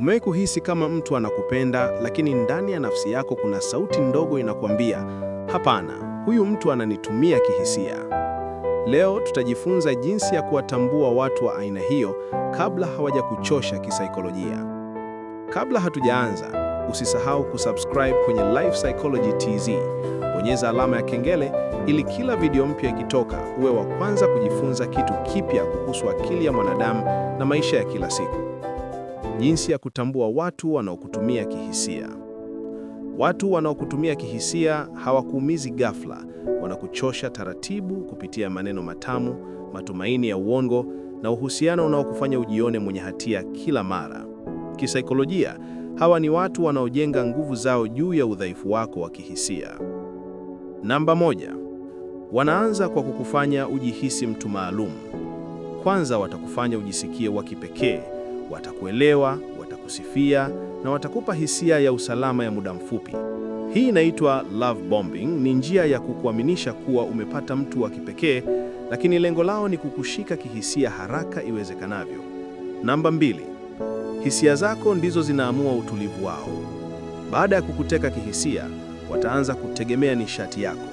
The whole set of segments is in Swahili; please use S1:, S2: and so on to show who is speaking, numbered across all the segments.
S1: Umewahi kuhisi kama mtu anakupenda lakini ndani ya nafsi yako kuna sauti ndogo inakuambia hapana, huyu mtu ananitumia kihisia? Leo tutajifunza jinsi ya kuwatambua watu wa aina hiyo kabla hawajakuchosha kisaikolojia. Kabla hatujaanza, usisahau kusubscribe kwenye Life Psychology TZ. Bonyeza alama ya kengele ili kila video mpya ikitoka uwe wa kwanza kujifunza kitu kipya kuhusu akili ya mwanadamu na maisha ya kila siku jinsi ya kutambua watu wanaokutumia kihisia. Watu wanaokutumia kihisia hawakuumizi ghafla, wanakuchosha taratibu kupitia maneno matamu, matumaini ya uongo na uhusiano unaokufanya ujione mwenye hatia kila mara. Kisaikolojia, hawa ni watu wanaojenga nguvu zao juu ya udhaifu wako wa kihisia. Namba moja, wanaanza kwa kukufanya ujihisi mtu maalum. Kwanza watakufanya ujisikie wa kipekee Watakuelewa, watakusifia na watakupa hisia ya usalama ya muda mfupi. Hii inaitwa love bombing. Ni njia ya kukuaminisha kuwa umepata mtu wa kipekee, lakini lengo lao ni kukushika kihisia haraka iwezekanavyo. Namba mbili, hisia zako ndizo zinaamua utulivu wao. Baada ya kukuteka kihisia, wataanza kutegemea nishati yako.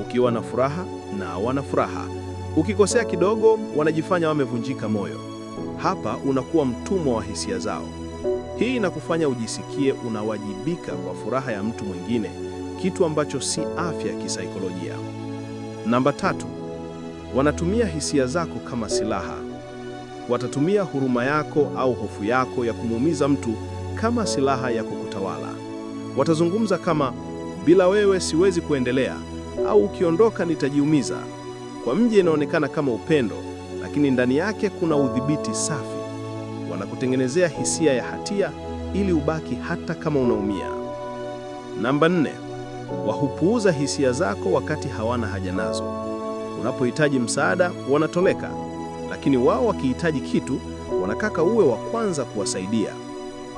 S1: Ukiwa na furaha na wana furaha, ukikosea kidogo, wanajifanya wamevunjika moyo. Hapa unakuwa mtumwa wa hisia zao. Hii inakufanya ujisikie unawajibika kwa furaha ya mtu mwingine, kitu ambacho si afya ya kisaikolojia. Namba tatu, wanatumia hisia zako kama silaha. Watatumia huruma yako au hofu yako ya kumuumiza mtu kama silaha ya kukutawala. Watazungumza kama bila wewe siwezi kuendelea, au ukiondoka nitajiumiza. Kwa nje inaonekana kama upendo lakini ndani yake kuna udhibiti safi. Wanakutengenezea hisia ya hatia ili ubaki hata kama unaumia. Namba nne, wahupuuza hisia zako wakati hawana haja nazo. Unapohitaji msaada wanatoleka, lakini wao wakihitaji kitu wanakaka uwe wa kwanza kuwasaidia.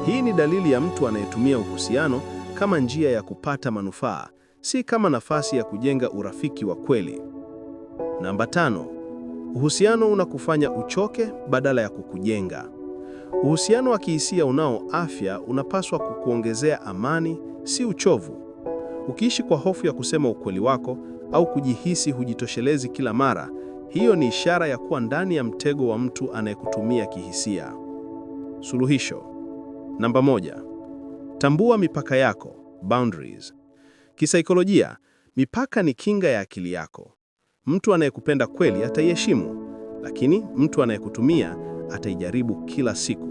S1: Hii ni dalili ya mtu anayetumia uhusiano kama njia ya kupata manufaa, si kama nafasi ya kujenga urafiki wa kweli. Namba tano, Uhusiano unakufanya uchoke badala ya kukujenga. Uhusiano wa kihisia unao afya unapaswa kukuongezea amani, si uchovu. Ukiishi kwa hofu ya kusema ukweli wako au kujihisi hujitoshelezi kila mara, hiyo ni ishara ya kuwa ndani ya mtego wa mtu anayekutumia kihisia. Suluhisho namba moja: tambua mipaka yako, boundaries. Kisaikolojia, mipaka ni kinga ya akili yako. Mtu anayekupenda kweli ataiheshimu, lakini mtu anayekutumia ataijaribu kila siku.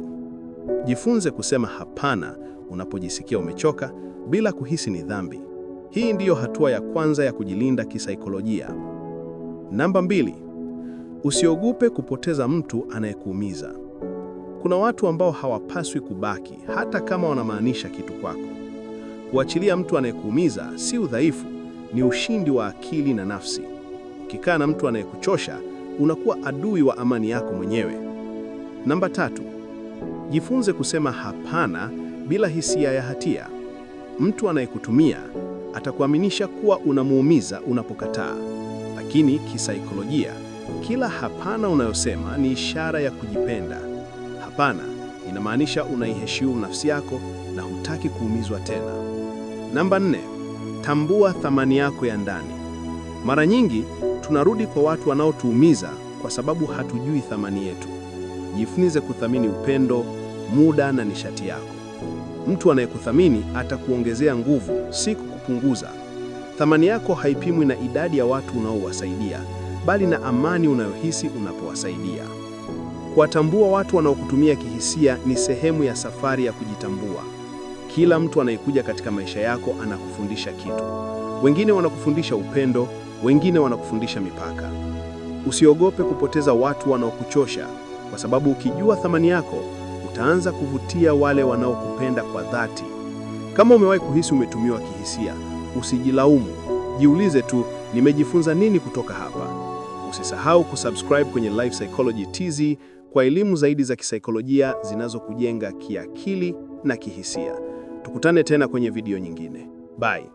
S1: Jifunze kusema hapana unapojisikia umechoka bila kuhisi ni dhambi. Hii ndiyo hatua ya kwanza ya kujilinda kisaikolojia. Namba mbili, usiogope kupoteza mtu anayekuumiza. Kuna watu ambao hawapaswi kubaki hata kama wanamaanisha kitu kwako. Kuachilia mtu anayekuumiza si udhaifu, ni ushindi wa akili na nafsi. Ukikaa na mtu anayekuchosha, unakuwa adui wa amani yako mwenyewe. Namba tatu, jifunze kusema hapana bila hisia ya hatia. Mtu anayekutumia atakuaminisha kuwa unamuumiza unapokataa, lakini kisaikolojia, kila hapana unayosema ni ishara ya kujipenda. Hapana inamaanisha unaiheshimu nafsi yako na hutaki kuumizwa tena. Namba nne, tambua thamani yako ya ndani. Mara nyingi tunarudi kwa watu wanaotuumiza kwa sababu hatujui thamani yetu. Jifunze kuthamini upendo, muda na nishati yako. Mtu anayekuthamini atakuongezea nguvu, si kukupunguza. Thamani yako haipimwi na idadi ya watu unaowasaidia, bali na amani unayohisi unapowasaidia. Kuwatambua watu wanaokutumia kihisia ni sehemu ya safari ya kujitambua. Kila mtu anayekuja katika maisha yako anakufundisha kitu. Wengine wanakufundisha upendo, wengine wanakufundisha mipaka. Usiogope kupoteza watu wanaokuchosha, kwa sababu ukijua thamani yako utaanza kuvutia wale wanaokupenda kwa dhati. Kama umewahi kuhisi umetumiwa kihisia, usijilaumu. Jiulize tu, nimejifunza nini kutoka hapa? Usisahau kusubscribe kwenye Life Psychology TZ kwa elimu zaidi za kisaikolojia zinazokujenga kiakili na kihisia. Tukutane tena kwenye video nyingine. Bye.